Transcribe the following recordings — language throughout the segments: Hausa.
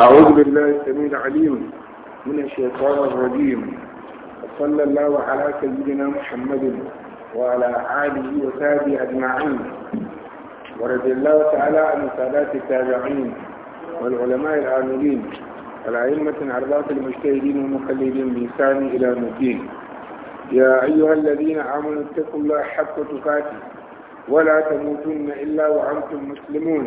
أعوذ بالله السميع العليم من الشيطان الرجيم وصلى الله على سيدنا محمد وعلى آله وصحبه أجمعين ورضي الله تعالى عن سادات التابعين والعلماء العاملين والأئمة الأربعة المجتهدين والمقلدين بإحسان إلى المدين يا أيها الذين آمنوا اتقوا الله حق تقاته ولا تموتن إلا وأنتم مسلمون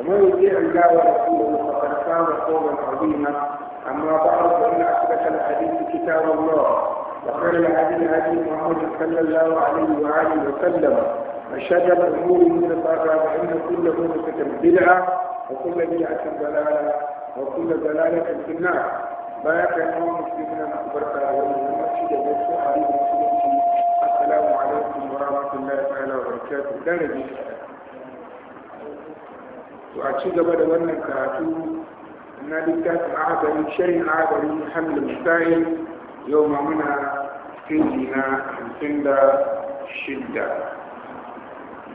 ومن يطيع الله ورسوله فقد كان قولا عظيما اما بعد فان اثبت الحديث كتاب الله وخير الهدي هدي محمد صلى الله عليه واله وسلم وشر الامور محدثاتها فان كل محدثه بدعه وكل بدعه ضلاله وكل ضلاله في النار بارك الله مسلمنا من والمسجد ومسجد علي المسلمين السلام عليكم ورحمه الله تعالى وبركاته to a ci gaba da wannan karatu na littafin agari shirin agari hamlin sai yau ma muna keji na hamsin da shidda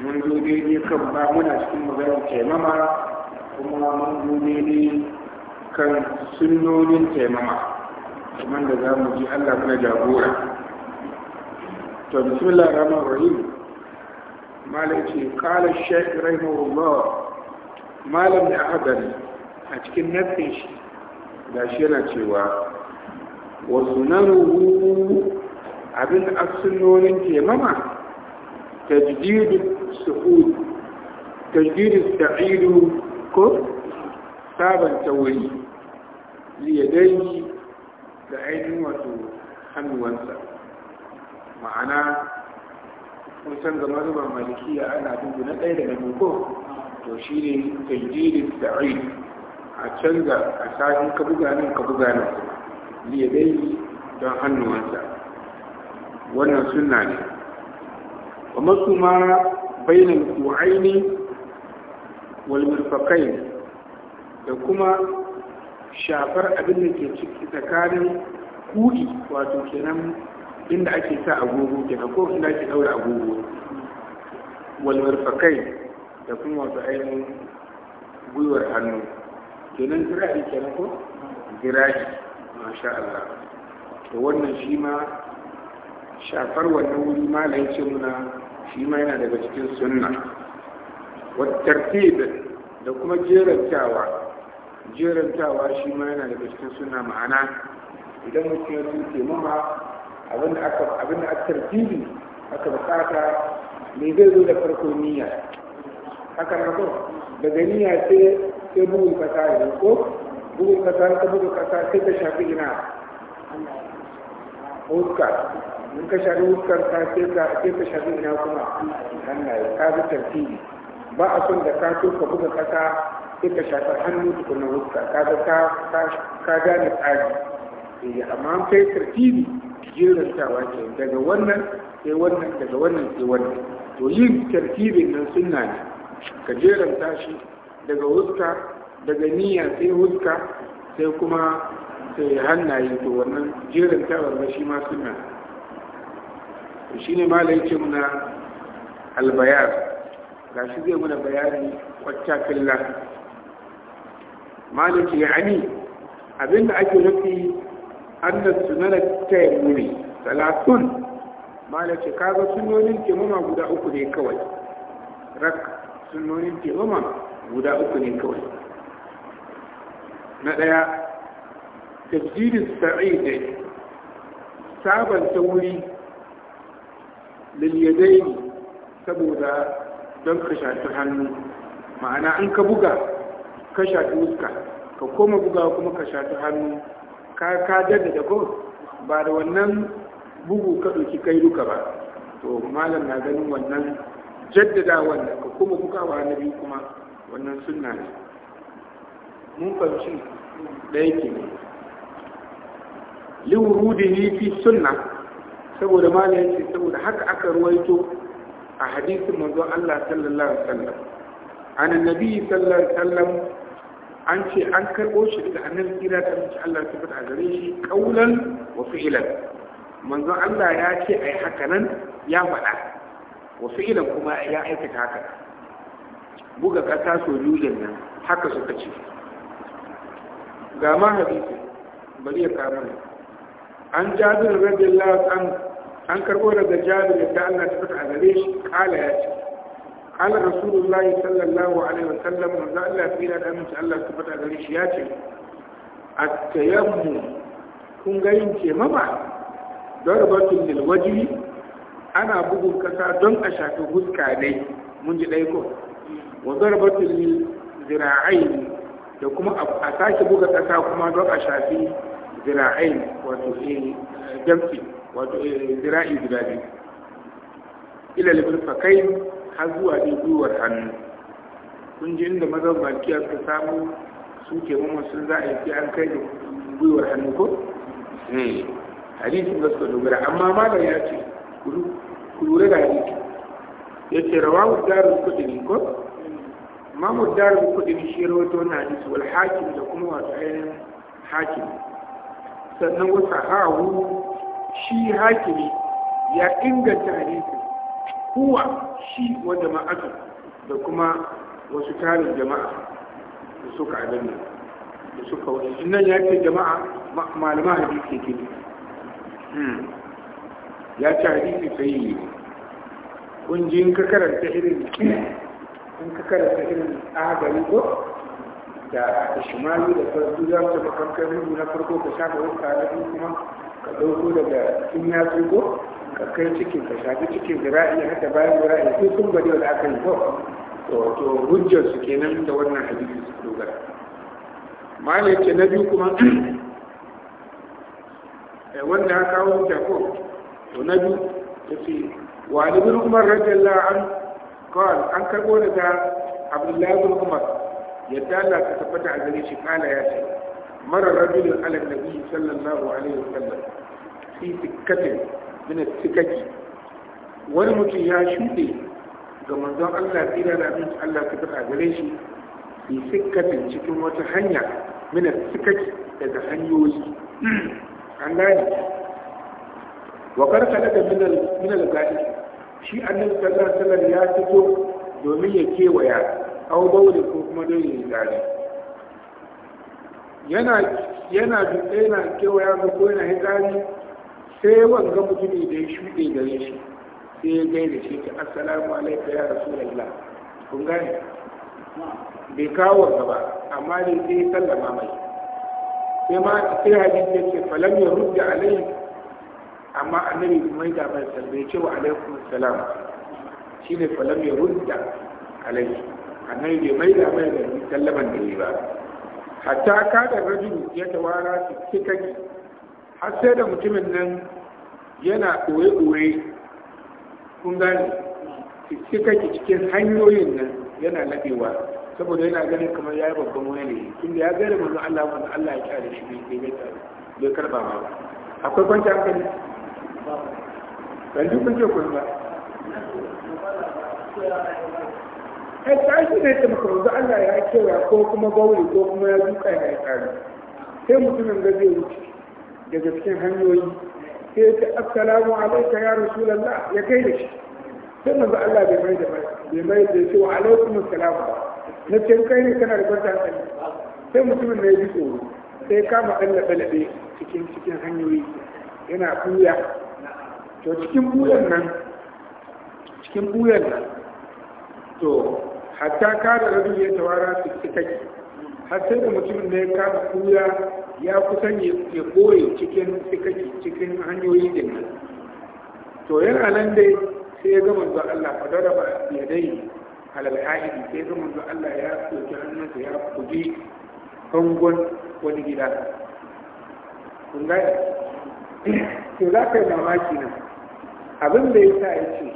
mun zo daidai kan ba muna cikin maganin taimama kuma mun zo daidai kan sunnonin taimama kamar da za mu ji allah muna jagora to bismillah rahman rahim malai ce kala shaikh rahimahullah malam da adal a cikin nafin shi da shi yana cewa wasu na abin abin asunonin kemama tajdidu suhud tajdidu ta'idu ko sabanta wuri liyadai da ainihin wato hannuwansa ma'ana kun san zama zuba malikiya ana dubu na ɗaya da na ko to shi ne da sa'id a canza a sa'in ka buga nan ka buga nan liyadai don hannuwansa wannan suna ne wa masu ma bainin ku'aini wal mirfakai da kuma shafar abin da ke ciki tsakanin kudi wato kenan inda ake sa agogo kenan ko inda ake daura agogo wal da kuma wasu ainihin gwiwar hannu kenan zira'i kenan ko zira'i masha Allah Da wannan shi ma shafar wannan wuri ma da muna shi ma yana daga cikin sunna wattartib da kuma jerantawa jerantawa shi ma yana daga cikin sunna ma'ana idan mutum ya tuke mama abinda aka abinda aka tartibi aka bukata me zai zo da farko niyya haka na ko daga niyya ce sai bugun kasa ne ko bugun kasa ta bugun kasa sai ta shafi ina huska in ka shafi huskar ka sai ka shafi ina kuma hannaye ka bi tartibi ba a son da ka so ka buga kasa sai ka shafi hannu tukunan huska ka ga ka ka gane tsari eh, amma an kai tartibi ta ke daga wannan sai wannan daga wannan sai wannan to yin tartibin nan sunna ne ka jeranta shi daga huska daga niyya sai huska sai kuma sai hannaye to wannan ta ba shi ma suna shi ne malai ce muna albayar ga shi zai muna bayani kwacca killa maliki ya ani abinda ake nufi an da sunana ta yi muni malai ce kaga sunonin kimama guda uku ne kawai sunnonin taimama guda uku ne kawai na ɗaya tafjirin sa'idai sabanta wuri lilyadai saboda don ka shafi hannu ma'ana an ka buga ka shafi wuska ka koma buga kuma ka shafi hannu ka kadar da ko ba da wannan bugu ka ɗauki kai duka ba to malam na ganin wannan jaddada wannan ka kuma kuka wa annabi kuma wannan sunna ne mun fahimci ɗaya ke ne liwurudihi fi sunna saboda malam yace saboda haka aka ruwaito a hadisin manzo Allah sallallahu alaihi wasallam an annabi sallallahu alaihi wasallam an ce an karɓo shi daga annabi kira ta mace Allah ta fita gare shi kaulan wa fi'lan manzo Allah ya ce ai haka nan ya faɗa wasu ilan kuma ya aikata haka buga kasa so yulin nan haka suka ce ga ma hadisi bari ya kama ne an jabir radiyallahu an an karbo daga jabir da Allah ta fita a gare shi kala ya ce kala rasulullahi sallallahu alaihi wasallam manzo Allah fi da aminci Allah su fita a gare shi ya ce at-tayammum kun ga yin ce mama darbatun lil wajhi ana bugun kasa don a shafi huska ne mun ji ɗaya ko wa zarbatul zira'ain da kuma a sake buga kasa kuma don a shafi zira'ai wato eh, jamfi wato eh, zira'i guda ne ila lifirfakai har zuwa ne gwiwar hannu kun ji inda mazan bakiya suka samu su ke mamman sun za a yi an kai da gwiwar hannu ko? Eh, hadisin da suka dogara amma malam ya ce ku lura da hadisi ya ce rawahu darul kudini ko mamu darul kudini shi rawato na hadisi wal hakim da kuma wasu ainihin hakim sannan wasa hahu shi hakimi ya inganta hadisi kuwa shi wa jama'atu da kuma wasu tarin jama'a da suka abin da suka wani nan ya ce jama'a malama hadisi ke ne ya ci hadisi sai yi kun ji in ka karanta irin in ka karanta irin agari ko da shimali da farko za su da kankanin na farko ka shafa wasu tare kuma ka ɗauko daga in ya ko ka kai cikin ka shafi cikin har haka bayan zira'i sai sun bari wata aka yi ko to hujjar su kenan da wannan hadisi su dogara malai ce na biyu kuma eh, wanda ya kawo jakob ko to na biyu ya ce an kawai an karɓo daga abdullahi bin umar yadda Allah ta tabbata a shi kala ya ce mara rajulun ala nabi sallallahu alaihi wasallam fi wani mutum ya shuɗe ga manzon Allah tsira da abinci Allah ta tabbata a gare shi fi cikin wata hanya min daga hanyoyi wakar ka daga minal gaɗi shi an sallallahu alaihi wasallam ya fito domin ya kewaya au bauli ko kuma don yi gari yana yana dutse kewaya ko ko yana hitsari sai wanga mutumi da ya shuɗe gare shi sai ya gaida shi ta assalamu alaikum ya rasulullah kun gane bai kawo gaba amma dai sai ya sallama mai sai ma sai hadisi ce falam ya rudda alaihi amma annabi mai da bai salbe ce wa alaikum salam shine falam ya rudda alaihi annabi bai mai da mai da sallaman da yi ba hatta ka da rajulu ya tawara tikaki har sai da mutumin nan yana ɓoye-ɓoye kun gane tikaki cikin hanyoyin nan yana laɓewa saboda yana ganin kamar ya yi babban wani ne tunda ya gane manzon Allah manzon Allah ya kare shi bai bai bai karba ba akwai kwanta hankali ban ji kun je kun ba ai ta shi ne ta maka wanzu Allah ya kewa ko kuma Bauri ko kuma ya duka ya tsari sai mutumin da zai wuce daga cikin hanyoyi sai ta assalamu alaika ya rasulullah ya kai da shi sai manzo Allah bai mai da bai mai da ce wa alaikum assalam na ce kai ne kana da kwanta hankali sai mutumin da ya ji tsoro sai kama ɗan laɓe-laɓe cikin cikin hanyoyi yana kuya to cikin buyan nan cikin buyan nan to hatta da rabi ya tawara su take har sai da mutumin da ya kama kuya ya kusan ya koye cikin tsikaki cikin hanyoyi din nan to yana nan dai sai ya gama zuwa Allah fadara ba ya dai halal ahidi sai ya gama zuwa Allah ya soki hannunsa ya kudi bangon wani gida kun ga to za ka yi mamaki nan abin da ya sa ya ce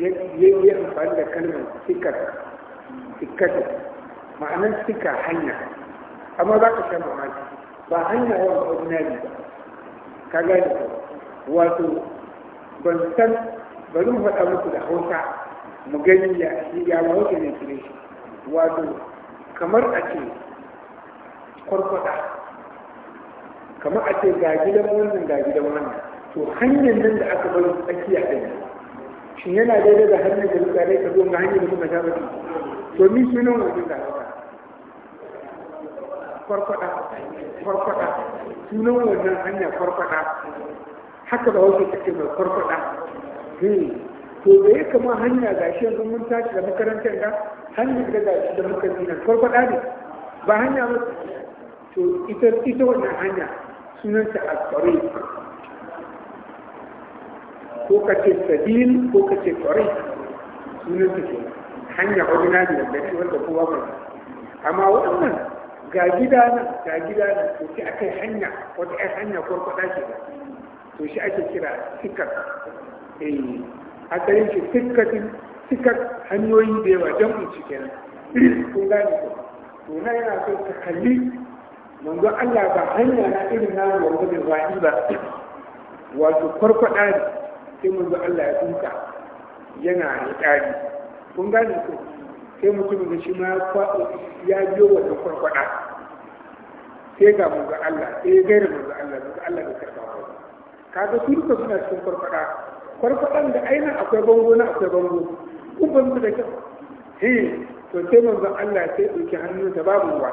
ya yi amfani da kalmar sikar sikata ma'anar sika hanya amma za ka shan mamaki ba hanya yawan ordinary ba ka gani ba wato ban san bari mu faɗa muku da hausa mu gani ya ya ba wata ne shi wato kamar a ce kwarkwata kamar a ce ga gidan wannan ga gidan wannan to hanyar nan da aka bar tsakiya ɗin shi yana daidai da hanyar da muka rai ka zo ga hanyar da muka ja baki to ni shi nan wajen da haka farfada farfada sunan wannan hanya farfada haka ba wasu take mai farfada hmm. to da ya kama hanya ga shi yanzu mun tashi da makarantar da hanyar da ga shi da muka zina farfada ne ba hanya ba to ita ita wannan hanya sunanta al-tariq ko ka ce sabil ko ka ce tsari sunan su ke hanya ordinary da ce wanda kowa ba amma wannan ga gida nan ga gida nan to shi akai hanya wata ai hanya kwarkwada ce ba to shi ake kira sikar eh asalin shi sikatin sikar hanyoyi da yawa jam'in shi kenan kun gane ko to na yana so ka kalli manzo Allah ba hanya na irin na wanda bai ba wato kwarkwada ne sai manzo Allah ya tsuka yana hikari kun gane ko sai mutumin da shi ma ya biyo wannan kwarkwada sai ga manzo Allah sai ya gaira manzo Allah manzo Allah da karbawa kaga su duka suna cikin kwarkwada kwarkwadan da aina akwai bango na akwai bango uban da kyau he to sai manzo Allah sai dauki da babu ruwa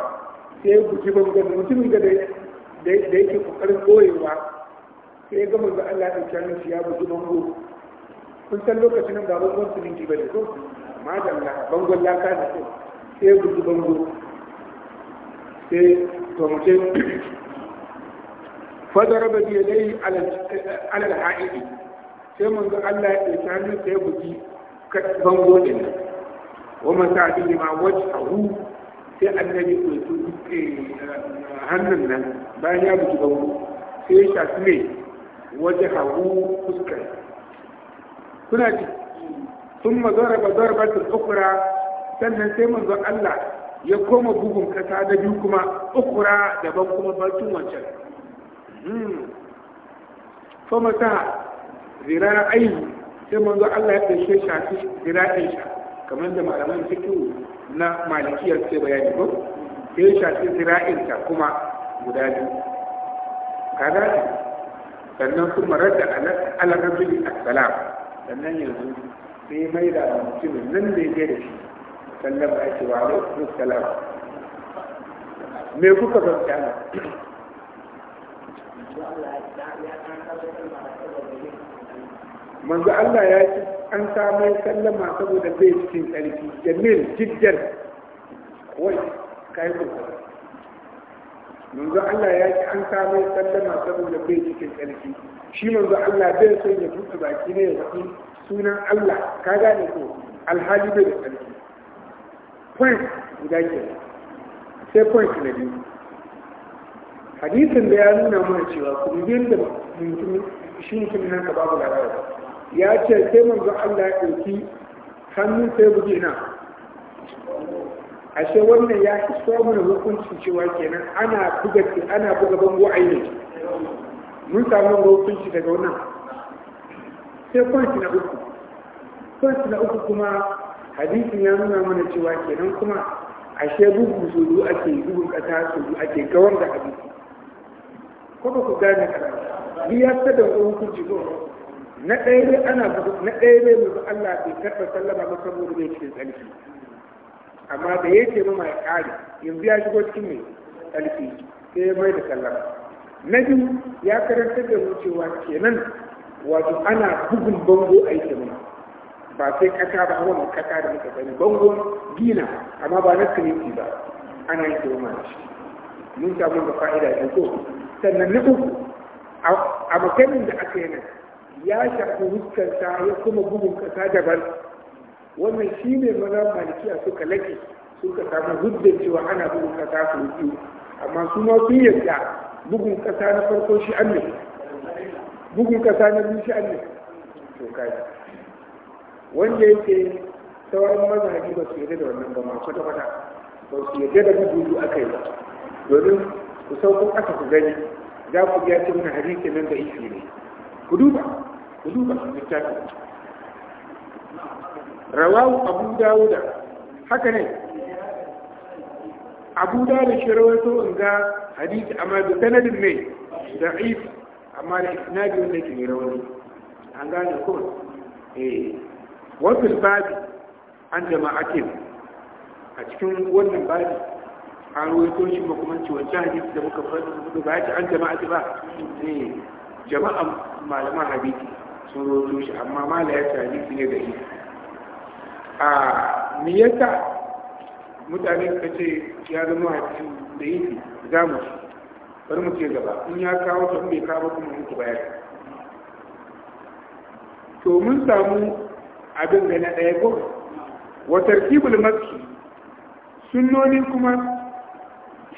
sai ya guji bangon mutumin da da yake kokarin koyewa sai ga manzo Allah ya dauki shi ya buɗe bango kun san lokacin nan ba bangon siminti bane ko bango bangon ka da ko sai buɗe bango sai to mutum fadara ba biya dai alal ha'idi sai manzo Allah ya dauki hannun sai buji bango din wa man ta'dili ma wajhahu sai annabi ya dauki eh, hannun nan bayan ya buɗe bango sai ya shafi ne waje hagu fuskar kuna ji sun mazara ba zarbatin ukura sannan sai manzon Allah ya koma bugun kasa da biyu kuma ukura daban kuma batun wancan kuma ta zira ainihi sai manzo Allah ya ɗauke shafi zira sha kamar da malaman cikin na malikiyar sai bayani ba, sai shafi zira ta kuma guda biyu sannan kuma rada ala rajuli assalam sannan yanzu sai mai da mutumin nan da yake da shi sannan ba ake wa alaikum salam me kuka ban kana manzo Allah ya ci an samai sallama saboda bai cikin tsarki jamil jiddan wai kai kuka manzo Allah ya ki an samu sallama saboda bai cikin tsarki shi manzo Allah bai so ya buɗe baki ne ya faɗi sunan Allah ka gane ko alhali bai da tsarki point guda ke sai point na biyu hadisin da ya nuna mana cewa bi yadda mutum shi mutum nan ka babu lafiya? ya ce sai manzo Allah ya ɗauki hannun sai buge na ashe wannan ya fi so mana hukuncin cewa kenan ana buga ana buga bango aini mun samu hukunci daga wannan sai kwanci na uku kwanci na uku kuma hadisin ya nuna mana cewa kenan kuma ashe bugu zuru ake bugun kasa zuru ake gawar da hadisi ko ba ku gane karatu biyar ta da hukunci ko na ɗaya dai ana na ɗaya ne mu Allah bai karɓa sallama ba saboda bai cikin tsarki amma da ya ce mama ya ƙari yanzu ya shigo cikin mai ƙarfi sai ya mai da sallama na biyu ya karanta da mu cewa kenan wato ana bugun bango a yi kemuna ba sai kasa ba wani kasa da muka sani bango gina amma ba na siminti ba ana yi kemuna da shi mun samu da fa'ida da ko sannan na uku a makamin da aka yi nan ya shafi huskarsa ya kuma bugun kasa daban wannan shi ne mana a suka laki suka samu hujjar cewa ana bugun kasa su biyu amma su ma sun yadda bugun kasa na farko shi an ne bugun kasa na biyu shi an ne to kai wanda yake sauran mazhabi ba su yadda da wannan ba masu ta fata ba su yadda da bugun aka yi ba domin ku sauko aka ku gani za ku biya cikin hadisi nan da isi ne ku duba ku duba littafin rawahu abu dawuda haka ne abu dawuda shi rawato in ga hadisi amma da sanadin mai da'if amma da isnadi wanda ke rawani an gane ko eh wasu babi an jama'atin a cikin wannan babi an rawato shi makamanci wancan hadisi da muka faɗi ba ya ce an jama'ati ba eh jama'a malaman hadisi sun rawato shi amma mala ya ce ne da ita a me mutane ka ce ya zama hadisi da yi za mu bari mu ce gaba in ya kawo ta bai kawo kuma muku bayar. to mun samu abin da na ɗaya ko wata kibul masjid sunnoni kuma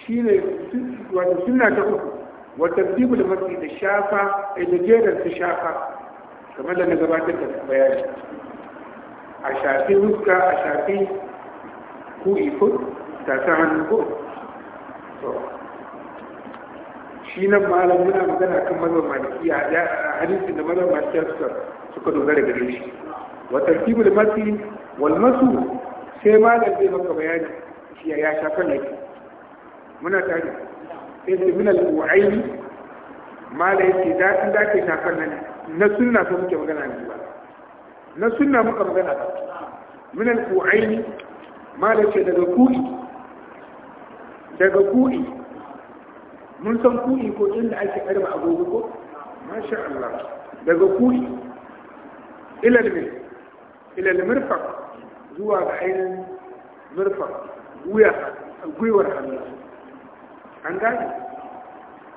shi ne wata sunna ta uku wata kibul maski da shafa da jerar ta shafa kamar da na gabatar da bayani a shafi huska a shafi ku iko ta ta hannu ko shi nan malam muna magana kan mazan maliki a hadisin da mazan maliki suka suka dogara gare shi wata tartibul da wal walmasu, sai da zai maka bayani shi ya shafa ne muna tare sai su minal al-wa'aini malam yake da in da ke shafan nan na suna sun muke magana ne ba na suna muka magana da min al-qu'aini ce daga ku'i daga ku'i mun san ku'i ko inda ake karba agogo ko masha Allah daga ku'i ila al-mir ila mirfaq zuwa ga ainihin mirfaq wuya gwiwar hannu an gane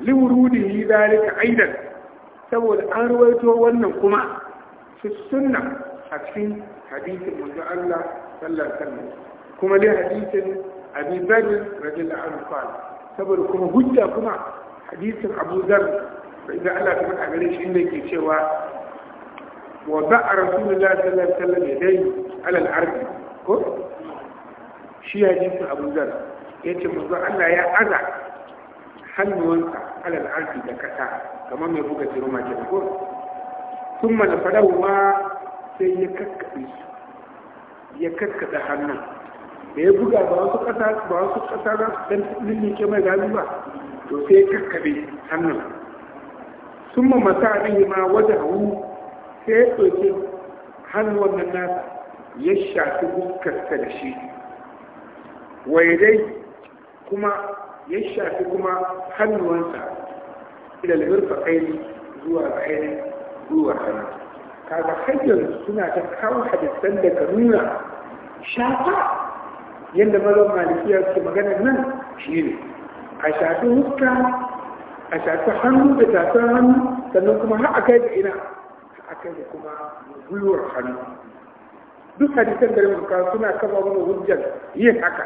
liwurudihi zalika aidan saboda an ruwaito wannan kuma fi sunna a cikin hadisin manzo Allah sallallahu alaihi wasallam kuma dai hadisin Abi Bakr radiyallahu anhu qala saboda kuma hujja kuma hadisin Abu Dharr idan Allah ta faɗa shi inda yake cewa wa ba'a rasulullahi sallallahu alaihi wasallam yadai alal ardi ko shi hadisin Abu yace manzo Allah ya aza hannuwansa alal ardi da kasa kamar mai buga jiruma ke ko sun mana farawa sai ya kakkaɓe su ya kakkaɓe hannun da ya buga ba wasu ƙasa ba wasu ƙasa za su ɗan lullike mai gani ba to sai ya kakkaɓe hannun sun ma masa abin ma wajen hau sai ya ɗauke hannun wannan nasa ya shafi fuskarsa da shi waidai kuma ya shafi kuma hannuwansa ilal mirfaƙai zuwa ga ainihin ruwa sana kaga hanyar suna ta kawo hadisan da ka nuna shafa yadda mazan malikiya suke magana nan shi ne a shafi huska a shafi hannu da shafi hannu sannan kuma har akai da ina akai da kuma gwiwar hannu duk hadisan da rubuka suna kama mana hujjar yin haka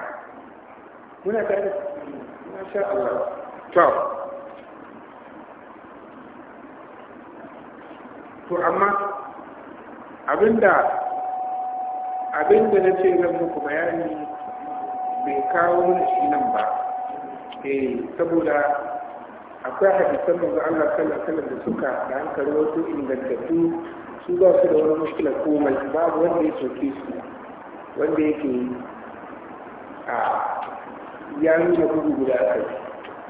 muna tare da masha Allah to to amma abinda abinda na ce zan muku bayani bai kawo mana shi nan ba eh saboda akwai hadisan ga Allah kala alaihi da suka da an karbo ingantattu su ba su da wani mushkila komai babu wanda ya soke su wanda yake a ya da gudu guda kai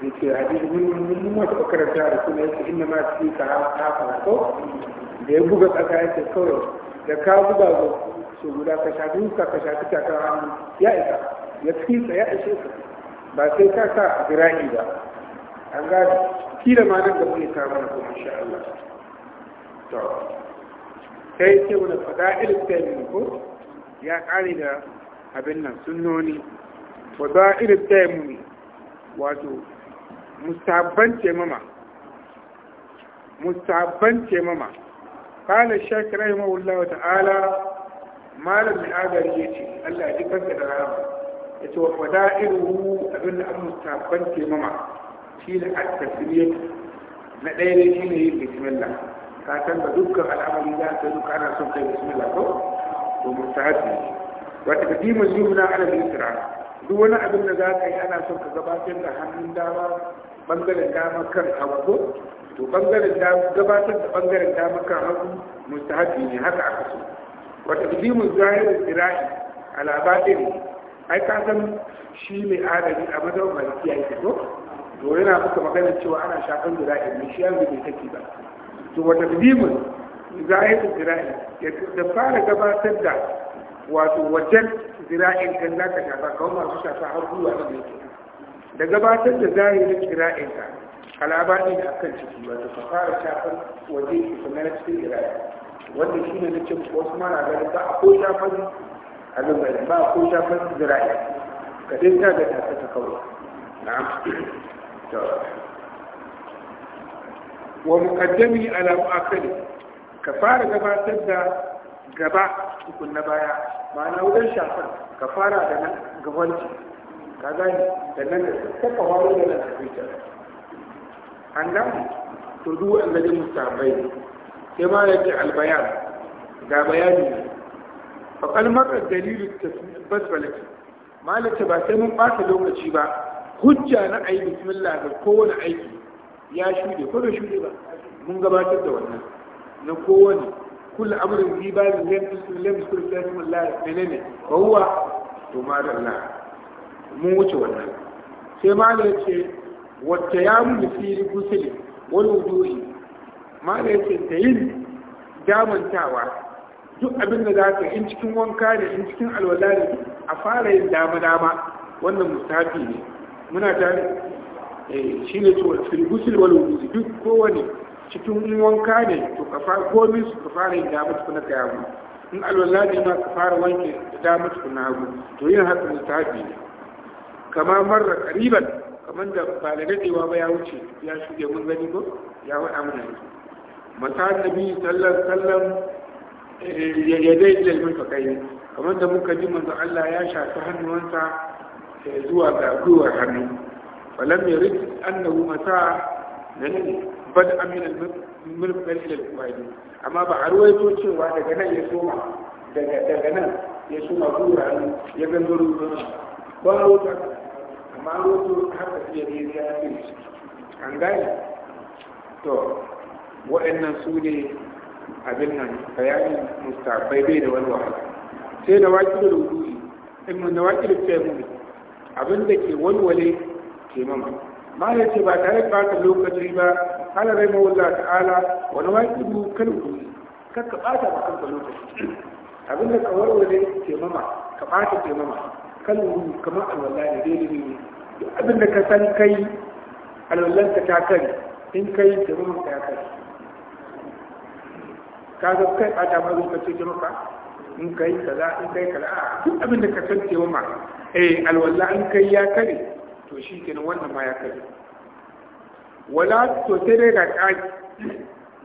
yake hadisi mun mun mu mafi karanta da kuma yake inda ma fi ka hafa ko da ya buga tsaka ya ce kawai da ka buga ba su guda ka shafi ka ka shafi ka hannu ya isa ya tsitsa ya ishe ka ba sai ka sa birani ba an gane kila ma nan da zai samu na kuma insha Allah to sai ce wani fada'il tayyib ko ya kare da abin nan sunnoni fada'il tayyib wato mustabban taimama mustabban taimama قال الشيخ رحمه الله تعالى malam mai agari ya ce allah ji kansa da rama ya ce wa fada'iruhu abin da an mustafan taimama shi ne a tasiriyar na ɗaya shi ne yin bismillah ka san dukkan al'amari za ka duka ana son kai bismillah ko to wani abin da za ka yi ana son ka gabatar da hannun dama bangaren damar kan hagu to bangaren damar gabatar da bangaren damar kan hagu mustahabi ne haka aka so wata taqdimu zahir zira'i ala batin ai ka san shi ne adadi a madawar malikiya yake ko to yana muka magana cewa ana shafan zira'i ne shi yanzu bai take ba to wata taqdimu zahir zira'i da fara gabatar da wato wajen zira'in kan zaka shafa kawai masu shafa har zuwa nan mai da gabatar da zahirin kira'inka alabani da akan ciki wata ka fara shafar waje su kuma na cikin kira'i wanda shi ne na cin wasu mara ganin ba a ko shafar alubari ba a ko shafar zira'i ka dai ta ga ta ta kawai na'am to wa muqaddami ala mu'akkali ka fara gabatar da gaba tukun na baya ma'ana wajen shafar ka fara da nan gabanci ka gani sannan da saka waro da lafiya an gani to duk wanda da mustahabai sai ma yake albayan ga bayani ne fa kalmar dalilu tasbasbalati malaka ba sai mun bata lokaci ba hujja na ayi bismillah ga kowane aiki ya shude ko da shude ba mun gabatar da wannan na kowane كل امر في بال لم يذكر الله منين وهو تمار الله mun wuce wannan sai mala ya ce wata ya mu fili gusili wani wudu'i mala ya ce ta yin damantawa duk abin da za ka in cikin wanka ne in cikin alwala ne a fara yin dama-dama wannan musafi ne muna ta eh, shi ne cewa gusili wani wudu'i duk kowane cikin wanka ne to ka fara komi su ka fara yin dama tukuna ka yawo in alwala ne ma ka fara wanke dama tukuna hagu to yin haka musafi ne kama marra kariban kamar da ba da dadewa ba ya wuce ya shige mun gani ko ya wada mana ne masa nabi sallallahu sallam eh, ya dai ilal kai kamar da muka ji manzo Allah ya shafi hannuwansa eh, zuwa ga gwiwar hannu falam yarid annahu mata nan bad amin al mulk ila al qaidi amma ba a to cewa daga nan ya soma daga daga nan ya soma gwiwar hannu ya gangaro ba wata amma wato haka iya ne ya fi an gane to waɗannan su ne abin nan bayanin mustabai bai da wani wahala sai na waki da rubuci in na waki da fiye abin da ke walwale ke mama ma ya ce ba tare ba ta lokaci ba ala rai mawulla ta'ala wani waki da kan rubuci kakka ɓata ba kanka lokaci abin da ka walwale ke mama ka ɓata ke mama kan rubuci kamar alwala ne daidai ne duk ka san kai alwallanka ta kari in kai jirgin ta ya ka zo kai ba ta mazo ka ce jirka in kai kaza in kai ka a duk abinda ka san cewa ma eh alwalla in kai ya kari to shi kenan wannan ma ya kari wala to sai dai ga ƙari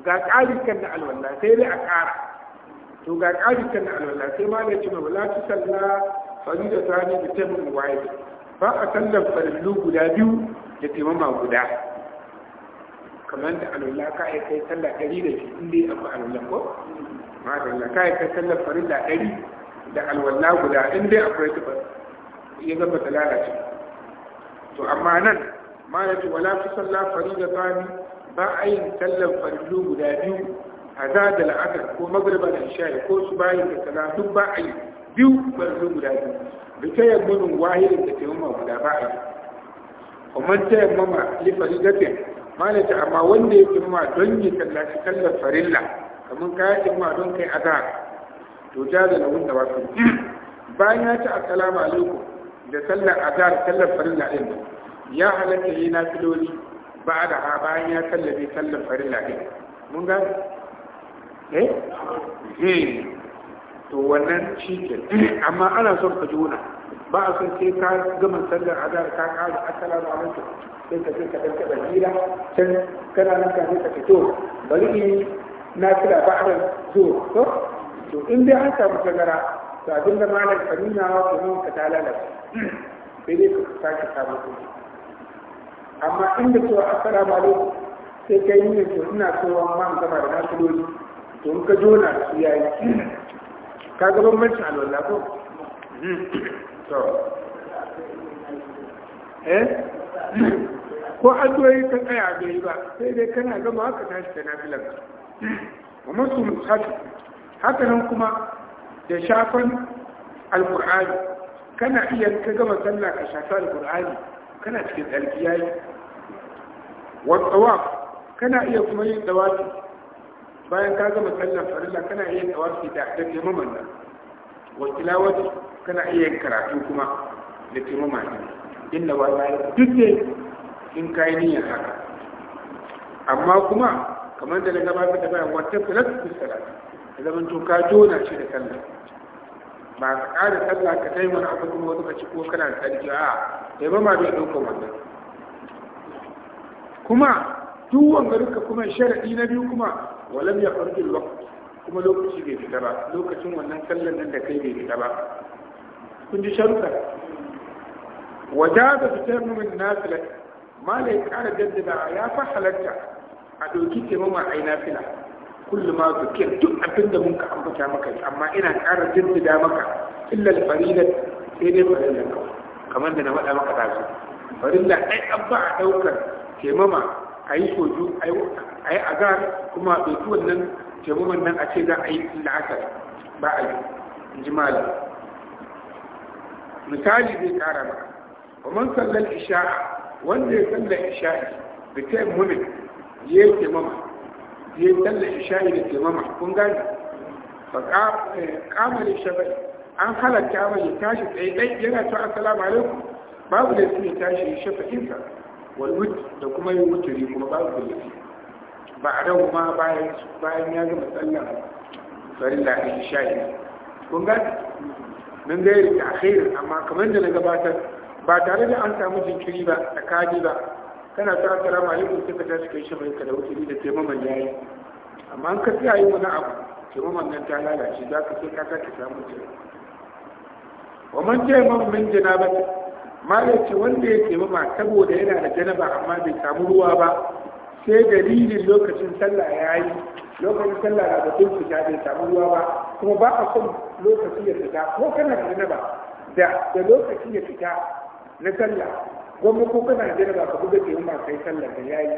ga ƙari kan da alwalla sai dai a ƙara to ga ƙari kan da alwalla sai ma ne cewa ma wala tusalla farida ta ne da tabbin waye ba a sallar farlu guda biyu da taimama guda kamar da alwala ka yi kai sallah ɗari da shi inda ya abu alwala ko ma da alwala ka yi kai sallar farilla ɗari da alwala guda inda ya akwai ba, ya zama ta lalace to amma nan ma da wala fi sallah farilla tsani ba a yin sallar farlu guda biyu a za da la'akar ko magriba da isha'i ko su bayan da sallah duk ba a yi biyu farlu guda biyu bita yammunin wahirin da taimama guda ba a yi kuma taimama lifari gafin malata amma wanda ya taimama don yi tallafi tallar farilla kamar kaya taimama don kai azhar to ta da lahun da wasu bayan ya ci assalamu alaikum da sallar azhar sallar farilla din ya halatta yi na filoli ba da ha bayan ya sallabe sallar farilla din mun ga eh eh to wannan shi ke amma ana son ka juna ba a son sai ka gama sallar azhar ka ƙara assalamu alaikum sai ka je ka dan kaɗa hira can kana nan ka je ka fito bari in na kira ba a zo to to in dai an samu tagara to abin da malam ka wa wa kuma ka ta lalata sai dai ka sake samu kuɗi amma inda cewa assalamu alaikum sai kai nuna to ina so man gama da nasu dole to in ka jona su yayi ka ga bambancin alwala ko to eh ko addu'o'i ka tsaya a bai ba sai dai kana gama haka tashi da nafilan amma su mutsaki haka nan kuma da shafan alqur'ani kana iya ka gama sallah ka shafa alqur'ani kana cikin tsarki yayi wa tsawaf kana iya kuma yin dawafi bayan ka gama sallar farilla kana iya tawafi da da taimaman nan wa tilawati kana iya karatu kuma da taimama nan inda wallahi bayan duk in ka yi niyyar haka amma kuma kamar da na gabatar da bayan wata filas salat sallah da zaman to ka jona shi da sallah ba ka ƙara sallah ka kai wani abu kuma wata kaci ko kana sarki a ma bai ɗaukar wannan kuma duk wanda duka kuma sharadi na biyu kuma walam ya farjil waqt kuma lokaci bai fita ba lokacin wannan sallan nan da kai bai fita ba kun ji sharuɗa wajaza fitar min nafila malai kara jaddada ya fa halatta a ɗauki taimama a yi nafila kullum ma zukir duk abin da mun ka ambata maka amma ina kara jaddada maka illa farilat sai dai farilan kamar da na faɗa maka da su farilla ɗai an ba a ɗaukar taimama a yi soju a yi kuma a ɗauki wannan taimakon nan a ce za a yi la'asar ba a yi in ji malam misali zai kara maka ومن صلى العشاء وندي صلى ya بتاع مولد يجي ماما يجي صلى العشاء يجي ماما كون ba فقام قام للشباب an halatta mai tashi tsaye yana ta assalamu alaikum babu da su tashi shafa insa wal da kuma yi wuturi kuma ba su kullafi ba a dawo ma bayan bayan ya gama sallan farilla in sha biyu kun ga nan gairi da akhir amma kamar da na gabatar ba tare da an samu jinkiri ba da kaji ba kana ta assalamu alaikum sai ka tashi kai shi mai ka da wuturi da taimaman yayi amma an kasi tsaya yi wani abu taimaman nan ta lalace za ka sai ka sake samun jira wa man taimaman min janabati Malaki wanda ya ke ba saboda yana da janaba amma bai samu ruwa ba sai dalilin lokacin sallah ya yi lokacin sallah na batun fita bai samu ruwa ba kuma ba a son lokaci ya fita ko kana da janaba da da lokaci ya fita na sallah gwamnati ko kana da janaba ka buga ke ba kai sallah da ya yi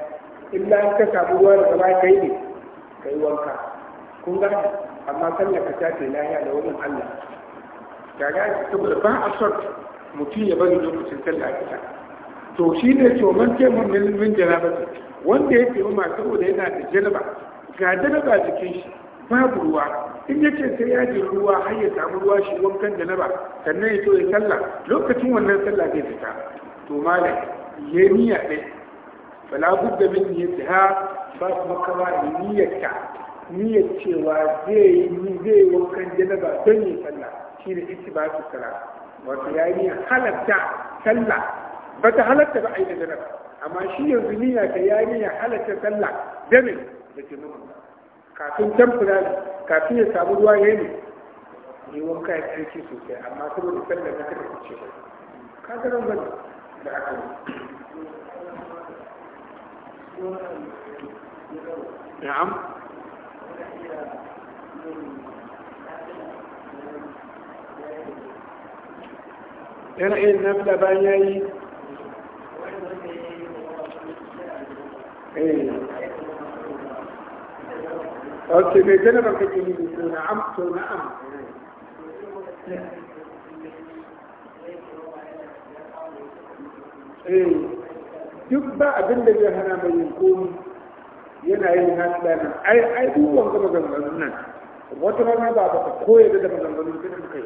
illa ka samu ruwa da ba kai ne kai wanka kun gane amma sallah ka ta ce lahiya da wurin Allah ga ga saboda ba a son mutum ya bari lokacin sallah fita to shi ne to man ce mun min jarabata wanda ya taimaka saboda yana da jaraba ga jaraba jikin shi babu ruwa in ya ce sai ya je ruwa har ya samu ruwa shi wankan da na ba sannan ya ya sallah lokacin wannan sallah zai fita to malam ya niyya ɗai fala budda min niyyatiha ba su makawa da niyyarta niyyar cewa zai yi zai wankan janaba don yin sallah ba su salat wato ya yi halatta sallah ba ta halatta ba a yi da janaba amma shi yanzu niyya ta ya yi halatta sallah da ne da janaba kafin temporary kafin ya samu ruwa ya yi ne wanka ya tsarki sosai amma saboda sallah na kada ku ce ka ga ran da aka yi na'am yana yin nafila bayan ya yi ok mai gana ba kake yi da suna am to na am duk ba abin da zai hana mai yin komi yana yin hasila nan ai ai duk wanda maganganun nan wata rana ba ba ka koya da maganganun da muka yi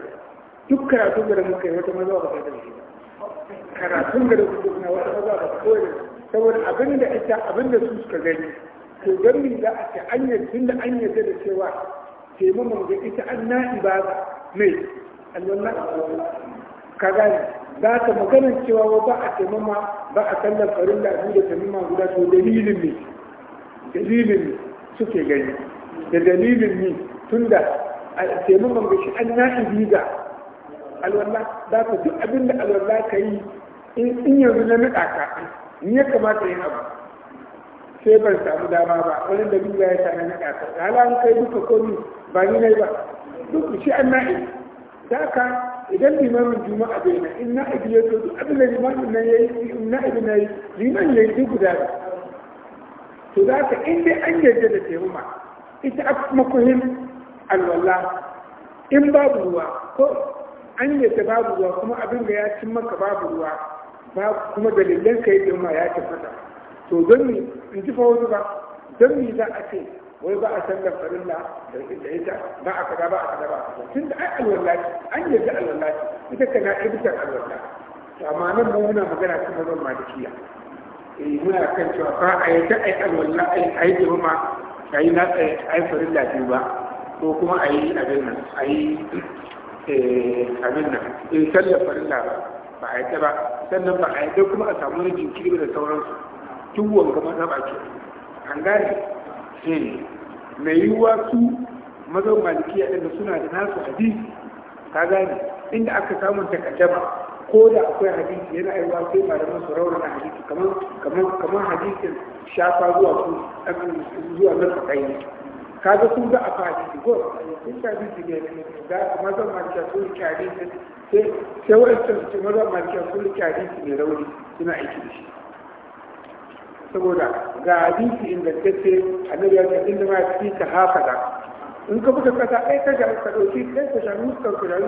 duk karatun da muka yi wata maza ba ta shi karatun da muka yi wata maza ba ta koyar saboda abin da ita abin da su suka gani to don me za a ce an yarda tun da an yarda da cewa taimakon da ita an na'i ba mai allon ka gani. za ta maganar cewa wa ba a taimama ba a kallon farin da da taimama guda to dalilin ne dalilin ne suke gani da dalilin ne tun da taimakon da shi an na'i biza alwala za ka duk abin da alwala ka yi in yanzu na naɗa ka ni ya kamata yin abu sai ban samu dama ba wani da duba ya sa na naɗa ka da an kai duka komi ba ni ne ba duk shi an na'i da ka idan limamin juma'a bai na in na'ibi ya zo duk abin da limamin nan ya yi in na'ibi na yi liman ya yi duk guda ba to za ka in dai an yarda da taimama ita a makuhin alwala in babu ruwa ko an yi ta babu ruwa kuma abin da ya cin maka babu ruwa ba kuma dalilan ka yi girma ya fada to don ni in ji fawo ba don ni za a ce wai ba a san farilla da ita ba a kada ba a kada ba tun da ai alwallaci an yi da alwallaci ita na ibtar alwallaci to amma nan mu muna magana kan mazan malikiya eh muna kan cewa ba a yarda ai alwallaci ai girma kai na ai farilla biyu ba ko kuma ai abin nan ai Eh, abin in eh, sallar farilla ba a yadda ba sannan ba a yadda kuma a samu wani jinkiri da sauransu tun wanga maza ba ke an gane eh, mai yiwuwa su mazan a ɗin suna da nasu hadisi ka gane inda aka samun takaddama ko da akwai hadisi yana aiwa sai malaman su masu raunin hadisi kamar kamar hadisin shafa zuwa su zuwa nan kaga sun ga a fadi go sun ka bi dige ne da kuma zan ma ta su kyari ne sai sai wannan su ma zan ma ta su kyari ne rauni suna aiki da shi saboda ga hadisi ingantacce annabi ya ce inda ma fi ka da in ka buga kasa ai ka ga ka dauki kai ka sha ka ku da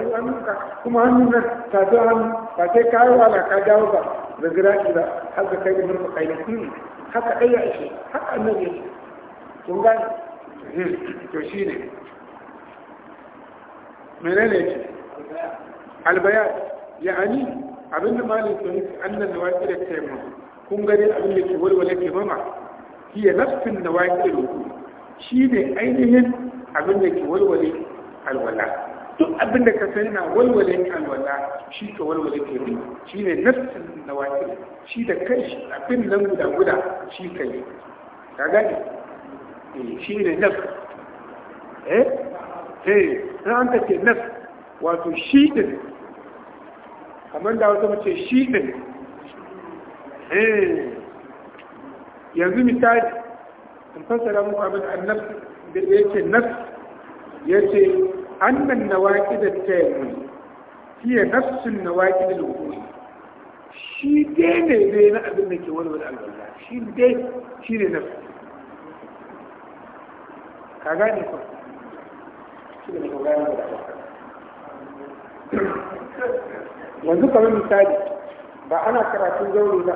ka kuma hannun nan ta zo hannu ba sai ka yi wala ka dawo ba da gira ba har ka kai da murka kai hmm, haka ɗaya ya haka annabi ya ce kun gane to shi ne menene ne ce albayat ya ani abin da malin sun yi annan nawaki da taimu kun gani abin da ke walwale ke mama hiya nafsin nawaki da ruku shi ne ainihin abin da ke walwale alwala duk abin da ka sani na walwale alwala shi ka walwale ke yi shi ne nafsin nawaki shi da kai shi abin nan guda guda shi ka yi ka gani shi ne naf eh eh na an tace naf wato shi din kamar da wata mace shi din eh yanzu misali in fassara muku abin annab da yake naf ce, annan na nawaqid at-tayyib hiya nafs an-nawaqid al-wuqu' shi dai ne ne na abin da ke wani walwala alwala shi dai shi ne nafs ka gane ku shi ne ku gane da yanzu kamar misali ba ana karatun zaure ba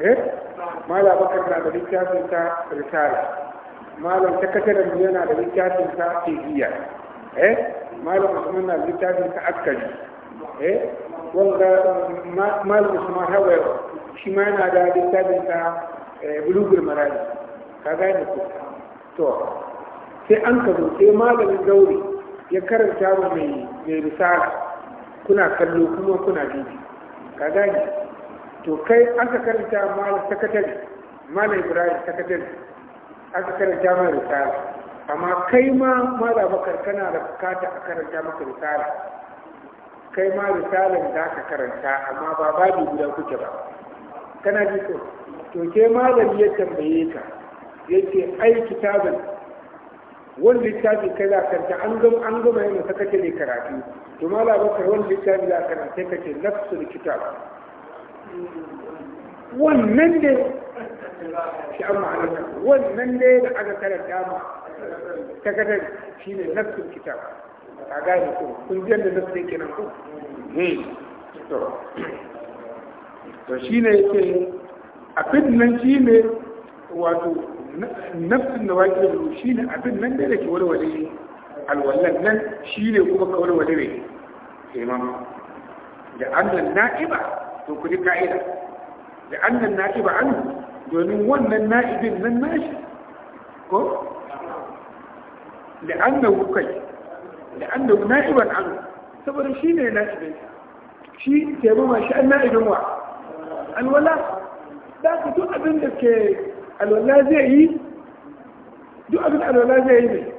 eh mala bakar na da littafin ta risala malam sakataren yana da littafin ta tijiya eh malam usman na da littafin ta askari eh wanda malam usman hawar shi ma yana da littafin ta eh, bulugul marali ka gane ko to sai an ka zo sai malamin gauri ya karanta wa mai risala kuna kallo kuma kuna bibi ka gani to kai an ka karanta malam sakatare malam ibrahim sakatare ka karanta mai risala amma kai ma malam bakar kana da bukata a karanta maka risala kai ma risalan da ka karanta amma ba babu gudan kuke ba kana ji to ke malam ya tambaye ka yake ai kitabin wani littafi kai za karanta an gama an gama yana ta kake ne karatu to mala bakar wani littafi za karanta sai kake nafsul kitab wannan da shi an ma'anar wannan ne da aka karanta dama? ta kadar shi ne nafsul kitab a gane ko kun ji yadda nafsul yake nan ko hmm. to shi ne yake a nan shi ne wato nafsin da wake da shi ne abin nan da ke warware alwallan nan shi ne kuma ka warware ne imam da annan na'iba to kudi ka'ida da annan na'iba an domin wannan na'ibin nan nashi ko da annan kai da annan na'iban an saboda shi ne na'ibin shi taimama shi an na'ibin wa alwala da ka duk abin da ke alwala zai yi duk abin da alwala zai yi ne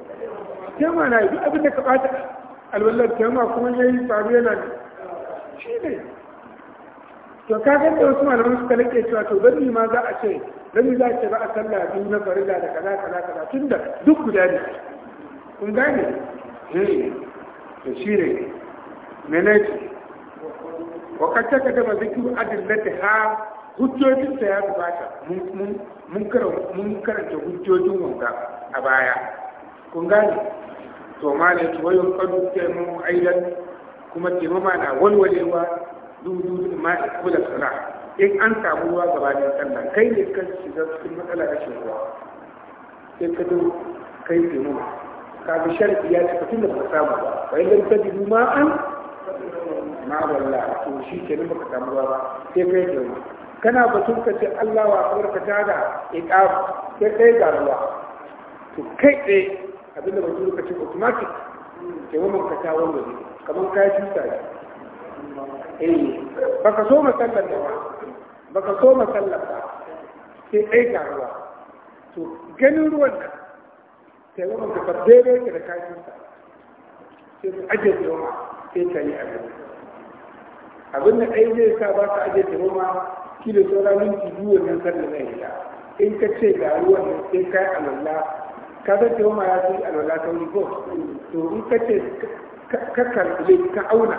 tema na yi duk abin da ka bata alwalar tema kuma ya yi faru yana ne shi ne to ka ganta wasu malaman suka lake cewa to don ma za a ce don za a ce ba a sallah biyu na farida da kaza kaza kaza tun da duk guda ne kun gane eh, to shi ne menene wakacce ka dama zikiru ha? hujjojinsa ya gabata mun karanta hujjojin wanga a baya kun gane to malam wayo kadu taimu aidan kuma taimama na walwalewa dudu ma kula sana in an samu ruwa da sallah kai ne kan shiga cikin matsala rashin ruwa sai ka zo kai taimama ka bi sharfi ya cika tun da ba samu ba wa idan ta ma an? ma wallah to shi ke nan baka samu ruwa ba sai kai taimama kana batun ka ce Allah wa kamar ka tada iqam sai kai ga ruwa to kai tsaye abinda batun ka ce automatic ke wannan ka ta wanda ne kamar ka yi tuta ne eh baka so masallar da ba baka so masallar ba sai kai ga ruwa to ganin ruwan nan sai wannan ka bar daidai da ka sa, tuta sai ku ajiye yawa sai ka yi abin abin da ɗaya zai sa ba ka ajiye yawa shi da sauran minti biyu wannan da zai fita in ka ce ga ruwan nan sai ka yi alwala ka san cewa ma ya fi alwala ta wuri ko to in ka ce ka kalkule ka auna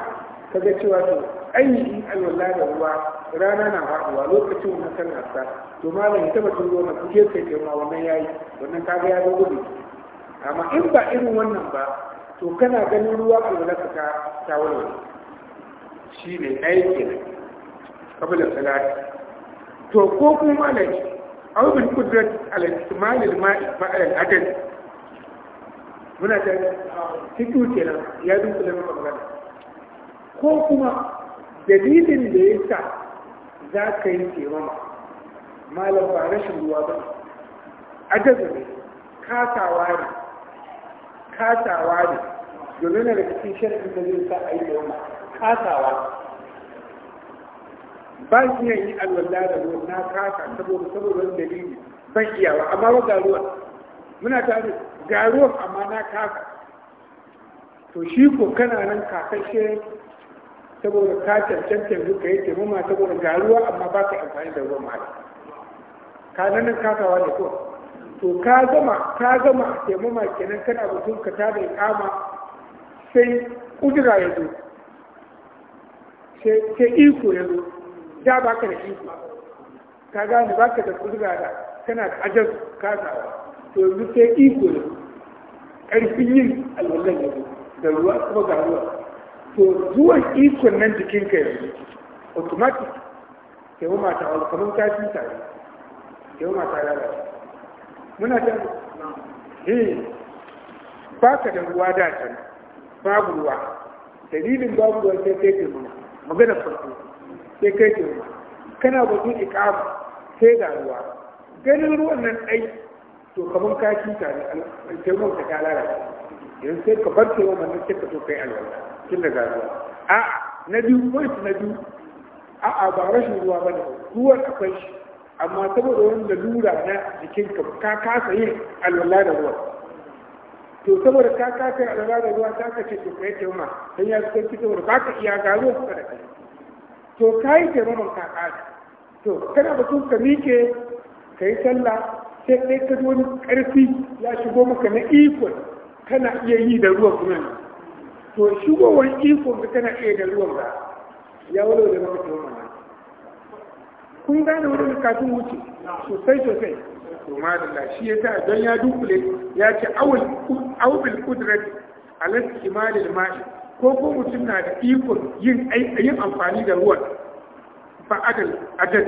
ka ga cewa to ainihin alwala da ruwa rana na faɗuwa lokacin wannan sallar sa to malam ya taba tun na kuke kai ke ma wannan yayi wannan ga ya zo gudu amma in ba irin wannan ba to kana ganin ruwa ko na ka ta wani shi ne ɗaya kenan kabila salati to ko kuma malami aw bil qudrat al istimal al ma'i ma'al al adad muna da fitu kenan ya dunkule mana magana ko kuma dalilin da ya sa za ka yi kemama malam ba rashin ruwa ba adad ne kasawa ne kasawa ne domin na da cikin shirin da zai sa a yi kemama kasawa ba shi yin yi alwala da ruwan na kasa saboda saboda wani dalili ban iyawa amma ba garuwa? muna tare ga ruwan amma na kasa to shi ko kana nan kakashe saboda ka cancanta yanzu ka yi taimama saboda garuwa amma ba ka amfani da ruwan mali ka nan kasawa ne ko to ka gama ka gama taimama kenan kana mutum ka tada ikama sai kudura ya zo sai iko ya zo da ba ka da iko ka gane ba ka da kuzura da kana da ajar kasa to yanzu sai iko ne ƙarfin yin alwallon yanzu da ruwa kuma ga ruwa to zuwan ikon nan jikinka yanzu automatic kai wa mata wani kamar ta fi tare kai wa mata ya lafi muna ta eh ba ka da ruwa da can babu ruwa dalilin babu ruwa sai kai ke muna magana farko sai kai ke kana batun iqama sai ga ruwa ganin ruwan nan ɗai to kamar ka kita ne taimon ka ta lalata yanzu sai ka bar taimon nan sai ka to kai alwala tun da ruwa a'a na biyu point na biyu a'a ba rashin ruwa bane ruwan akwai shi amma saboda wani lura na jikinka ka kasa yin alwala da ruwa to saboda ka kasa yin alwala da ruwa ta kace to kai ma sai ya fitar saboda ba ka iya gano ka da kai to ka yi taimakon ka ƙara to kana batun ka miƙe ka yi sallah sai ɗaya ka wani ƙarfi ya shigo maka na ikon kana iya yi da ruwan kuma to shigowar ikon ka kana iya da ruwan ba ya wani da mafi taimakon nan kun gane wurin kafin wuce sosai sosai to madalla shi ya sa don ya dukule, ya ce awul kudrati alas kimalil ma'i ko ko mutum na da ikon yin yin amfani da ruwan fa'adal adal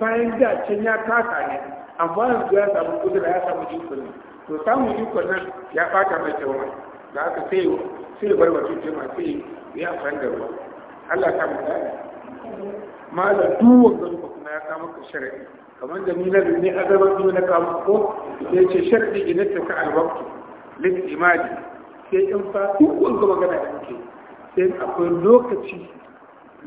bayan da can ya kasa ne amma yanzu ya samu kudura ya samu ikon ne to samun ikon nan ya fata mai kyau da aka sai sai bar wa cuce ma sai ya amfani da ruwa Allah ta mu dai malam duwan da ku kuma ya samu ka kamar da ni na ne azaban ne na kama ko sai ce sharadi idan ta ka alwaqtu lil sai in fa duk wanda magana da muke sai akwai lokaci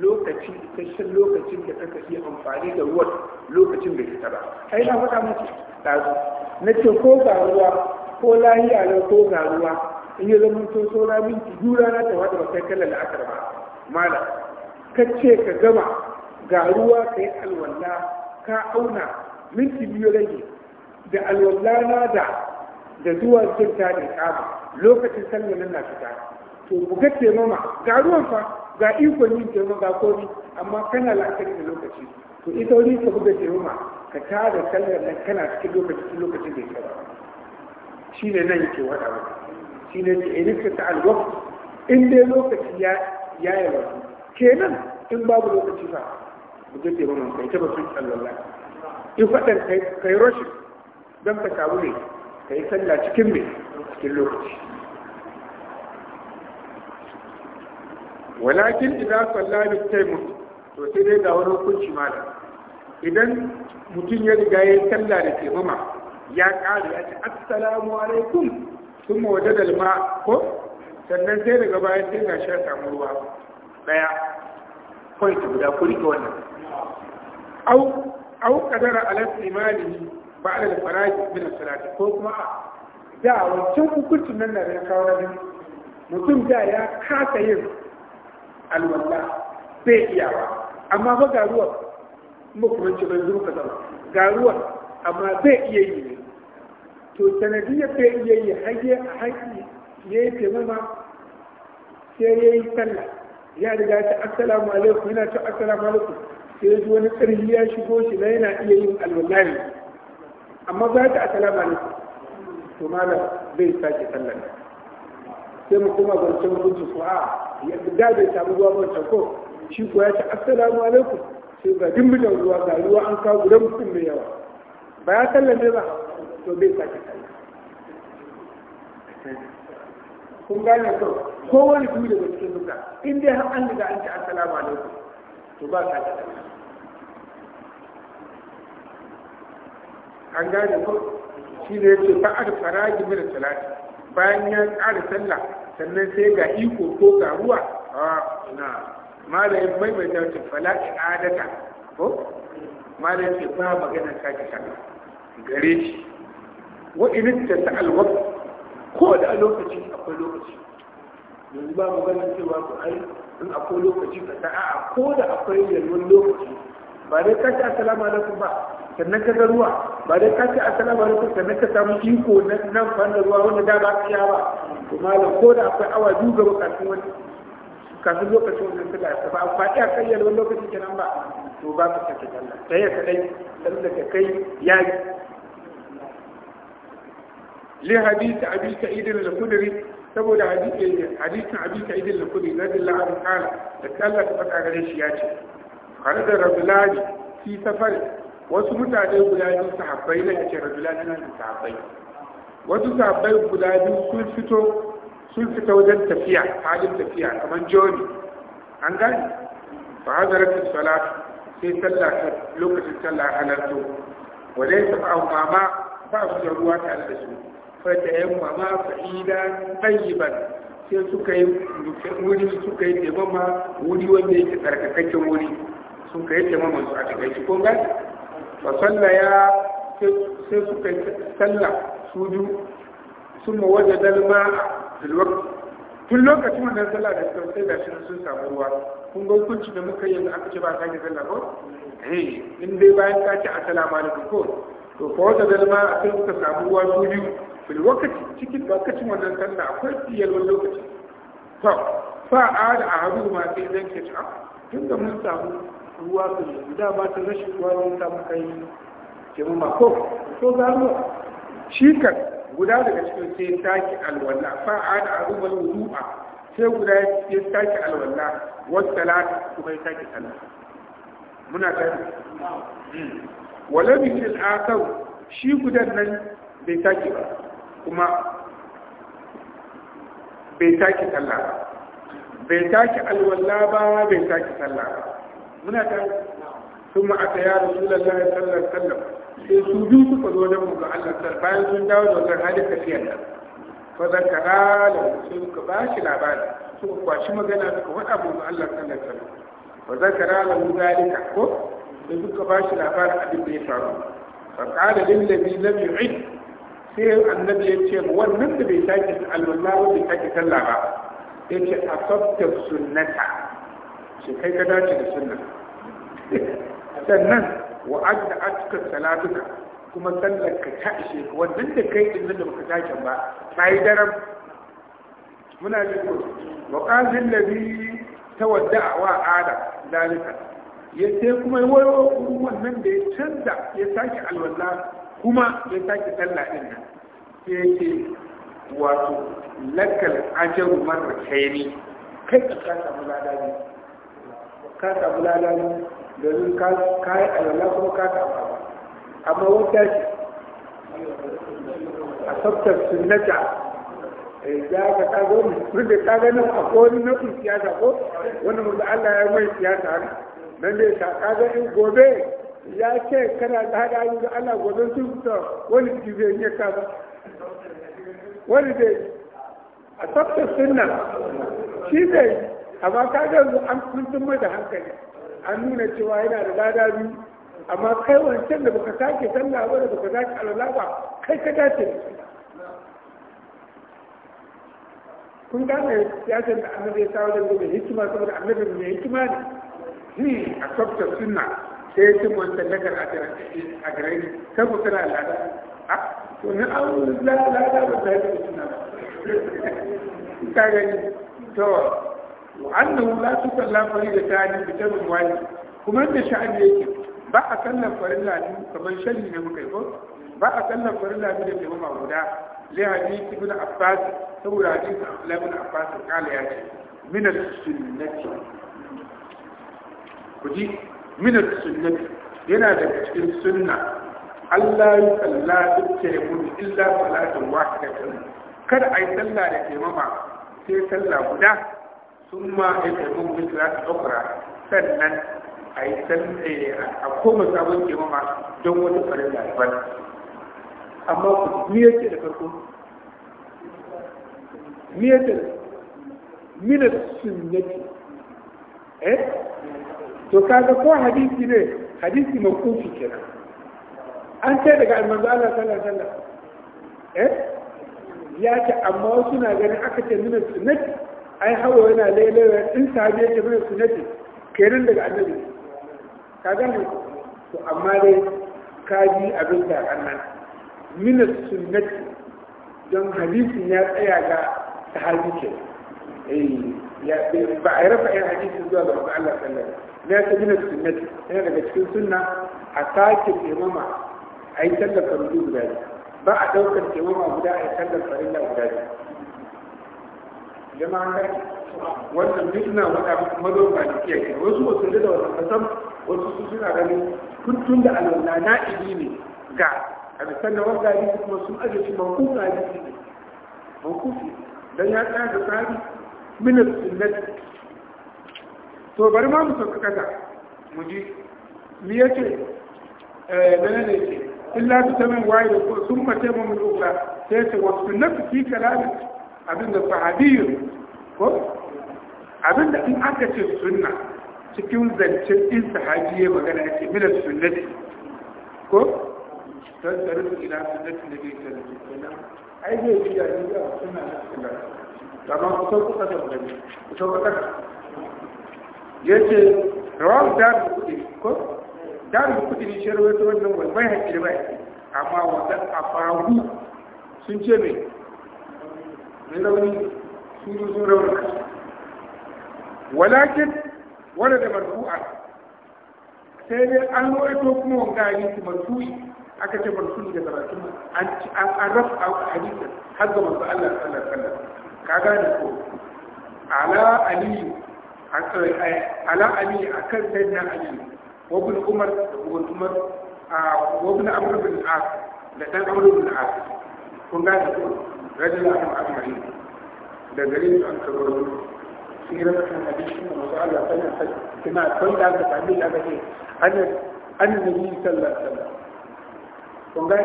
lokaci isasshen lokacin da kaka iya amfani da ruwan lokacin da kita ba ai na faɗa muke ɗazu na ce ko ga ruwa ko lahiya na ko ga ruwa in ya zama to saura minti biyu rana ta wata ba kai kallon la'akar ba malam ka ka gama ga ruwa ka yi alwala ka auna minti biyu rage da alwala na da da zuwa ta da kama lokacin sallar nan na fita to ku ga taimama ga ruwan fa ga ikon yin taimama ga komi amma kana la'akari da lokaci to ita wani ka buga taimama ka tara sallar nan kana cikin cikin lokacin da ya saba shi ne nan yake wada wata shi ne ce irin ta alwaf in dai lokaci ya ya yawa kenan in babu lokaci fa ga taimama kai ta ba sun sallar nan in faɗin kai rashin don ka samu ne ka yi sallah cikin mai cikin lokaci walakin idan sallah yi mutu to sai dai ga wani hukunci malam idan mutum ya riga ya yi sallah da taimama ya ƙara ya ce assalamu alaikum sun ma wajen dalma ko sannan sai daga bayan sai ga shi samu ruwa ɗaya point guda ku rike wannan au au kadara ala imani ba da faraji min salati ko kuma a da wancan hukuncin nan da ya kawo na mutum da ya kasa yin alwala bai iya ba. amma ba ga ruwan makamanci bai zuru ka zama ga amma bai iya yi ne to sanadiyya bai iya yi hage a haƙi ya yi taimama sai ya yi sallah ya riga ta assalamu alaikum yana ta assalamu alaikum sai ya ji wani tsarki ya shigo shi na yana iya yin alwala amma ba ta asalama ne to malam zai sake sallar sai mu kuma zancen hujji ko a da bai samu ruwa ta ko shi ko ya ce assalamu alaikum sai ga dimbidan ruwa ga ruwa an kawo gudan mutum mai yawa ba ya sallame ba to bai sake sallar kun gane ko kowane kuma daga cikin duka in dai har an riga an ce assalamu alaikum to ba sake sallar an gane ko shi ne ce ba a fara mana salati bayan ya ƙara sallah sannan sai ga iko ko ga ruwa a ah, na mai maimaita ce falaki i'adata ko malayin ce ba magana sake sallah gare shi wa in ta ta waqt ko da lokaci akwai lokaci yanzu ba mu ganin cewa ku ai in akwai lokaci ka a ko da akwai yalwar lokaci ba dai ka ce assalamu alaikum ba sannan ka ga ruwa ba dai ka ce assalamu alaikum sannan ka samu iko na nan fan da ruwa wanda da ba su yawa to malam ko da akwai awa biyu gaba kafin wani kafin lokacin wannan sallah ta ba faɗi a kayyar wani lokacin kenan ba to ba ka sake sallah ta yi kaɗai da ka kai ya yi li hadisi abi sa'id al-khudri saboda hadisin abi sa'id al-khudri radiyallahu anhu kala da Allah ta faɗa gare shi ya ce tare da rabulani fi safar wasu mutane guda biyu sahabbai na yace rabulani na sahabbai wasu sahabbai guda biyu sun fito sun fito wajen tafiya halin tafiya kamar joni an gani Ba fa hadaratin salat sai sallah ta lokacin sallah halarto wadai ta ba mama ba su da ruwa tare da su fa ta yan mama fa ida tayyiban sai suka yi wuri suka yi taimama wuri wanda yake tsarkakakken wuri suka yi taimakon su a takaici ko gani ba sallah ya sai suka yi sallah su ju sun ma waje dalma filwak tun lokacin wannan sallah da suka sai gashi sun samu ruwa kun ga hukunci da muka yanzu aka ce ba ka yi sallah ko eh in dai bayan ka ci assalamu alaikum ko to fa waje dalma sai suka samu ruwa su biyu filwakati cikin lokacin wannan sallah akwai fiyar wani lokaci to fa a da a haru ma sai zan ke ci ah, tun da mun samu ruwa su da ba ta rashin ruwa wani ta muka yi jimima ko so za mu? shi kan guda daga cikin sai ya alwallah alwala a da arubar wudu'a sai guda ya sake alwala wasu talata kuma ya sake talata muna gani wala bikin al'akar shi gudan nan bai sake ba kuma bai sake sallah ba bai sake alwallah ba bai sake sallah ba muna tare ثم أتيا رسول الله صلى الله عليه وسلم sai su biyu suka zo wajen muka Allah sar bayan sun dawo da wasan wannan halin tafiyar nan fa ka da sai suka ba shi labari suka kwashi magana suka faɗa muka Allah sallallahu alaihi wasallam zan ka da mu zalika ko da suka ba shi labarin abin da ya faru fa da lil ladhi biyu yu'id sai annabi ya ce wannan da bai sake alwala ba bai sake sallah ba yace asabta sunnata shi kai ka dace da sunna sannan wa ajda atka salatuka kuma sallar ka ta ishe ka wannan da kai din da baka tashi ba yi daram muna ji ko wa qazil ladhi tawadda'a wa ada dalika yace kuma wayo wannan da ya canza ya sake alwala kuma ya sake sallah din nan sai yace wato lakal ajaru marratayn kai ka samu ladabi ka samu lada domin ka yi a kuma ka samu abu amma wuta ce a tsaftar sunnata ya eh, ka kaga wani wanda ka ganin a wani nau'in siyasa ko wani mutu Allah ya mai siyasa ne nan dai ka ga in gobe ya ce kana da hada yi da Allah gobe sun fita wani zai yi ka ba wani dai a tsaftar sunna shi dai amma ka ga an kuntun mai da hankali an nuna cewa yana da ladabi. amma kai wancan da baka sake sallah ba da baka sake alwala ba kai ka dace da su kun gane siyasar da annabi ya sa da gobe hikima saboda annabi mai hikima ne ni a tsabta sunna sai ya ci wancan nakar a gare ni kan ku tana lada a to ni an lada ba ta yi suna ba ka gani to wa annahu la tusalla faridatan bi jamin wahid kuma da sha'ani yake ba a sallar farilla ne kamar shari ne muka yi ba a sallar farilla ne da ke guda li hadisi ibn abbas saboda hadisi abdullahi ibn abbas kala ce min as-sunnati kuji min as-sunnati yana daga cikin sunna Allah ya salla dukkan mun illa kada ai sallah da ke sai sallah guda sun ma ya tafi mutu za ta ɗaukura sannan a yi san a koma sabon ma don wata farin labar amma ku biye ce da farko miyar da minar sunnati eh to kaga ko hadisi ne hadisi makufi kenan an ce daga almanzu Allah sallallahu alaihi wasallam eh ya ce amma suna gani aka ce minar sunnati ai hawa yana lailawa in sabi yake mai sunnati kerin daga annabi ka gane to amma dai ka ji abin da annan min sunnati don hadisin ya tsaya ga sahabi ke eh ya ba a rafa yin hadisin zuwa ga manzo Allah sallallahu alaihi wasallam ya ce min sunnati yana daga cikin sunna a sake imama ai tallafa rubu guda ba a daukar imama guda ai tallafa farilla guda jama'a an gani wannan duk na wata mazo ba da ke wasu wasu da da wasu kasan wasu su suna ganin kuntun da alwala na ne ga a bisan da wanga ne kuma sun aje shi mankufa ne mankufi don ya tsaya da tsari minas sunnati to bari ma mu sauka kasa mu ji me ya ce? dana eh, ne ce illa ta min wayi sun mace mu mu ukra sai ce wasu sunnati fi kalamin abinda da sahabiyu ko abinda in aka ce sunna cikin zancen in sahabi ya magana ya ce milar sunnati ko don tsarin ila sunnati da bai tsarin sunnati ai zai biya ni ga sunna na sunnati amma kusan ta da wani kusan ta ya ce rawar darin kudi ko darin kudi ni shi to wannan wani bai haƙi da bai amma wannan afahu sun ce mai mai rauni su zo sun raunaka walakin wani da marfu'a sai dai an rawaito kuma wanga hadisi marfu'i aka ce marfu'i da karatun an rafa hadisin har ga masu Allah sallallahu alaihi ka gane ko ala aliyu ala aliyu akan sayyidina aliyu wa ibn umar da ibn umar wa ibn amr bin da dan amr kun gane ko rajula an da gare su an kabar sirar kan hadisin da masu Allah ta tana kai da aka tabi da aka ce an nabi sallallahu kun ga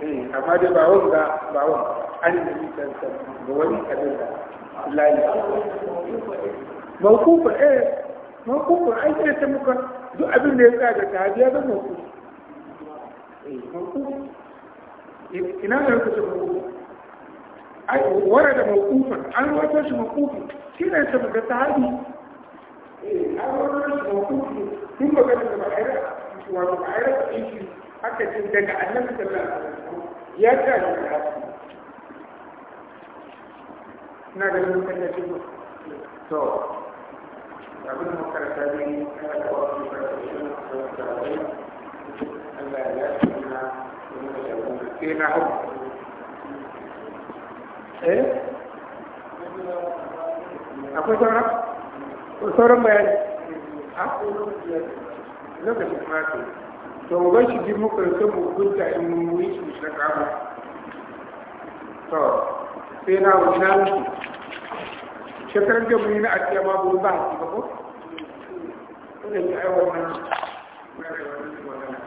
eh amma dai ba wanga ba wanga an nabi sallallahu alaihi wasallam ga wani kadin da ya mawkufa muka duk abin ya tsaya da sahabi ورد موقوفا عن وتش موقوفا كنا سبق إيه عن وتش موقوفا ثم قال وما والمعيرة إيشي حتى تندق عن نفس يا كان نادى المتنجم تو أبن مكرتا بي أنا أقول لك أنا لا يأتينا ومن يأتينا هم Eh? akwai sauran sauran bayani a ah? lokacin fata to mu bar shi ji muka sai mu in mun yi shi na to sai na wuna musu shekaran da mun yi na asiya ma ba ba ko? Wanda ya aiwata na wani.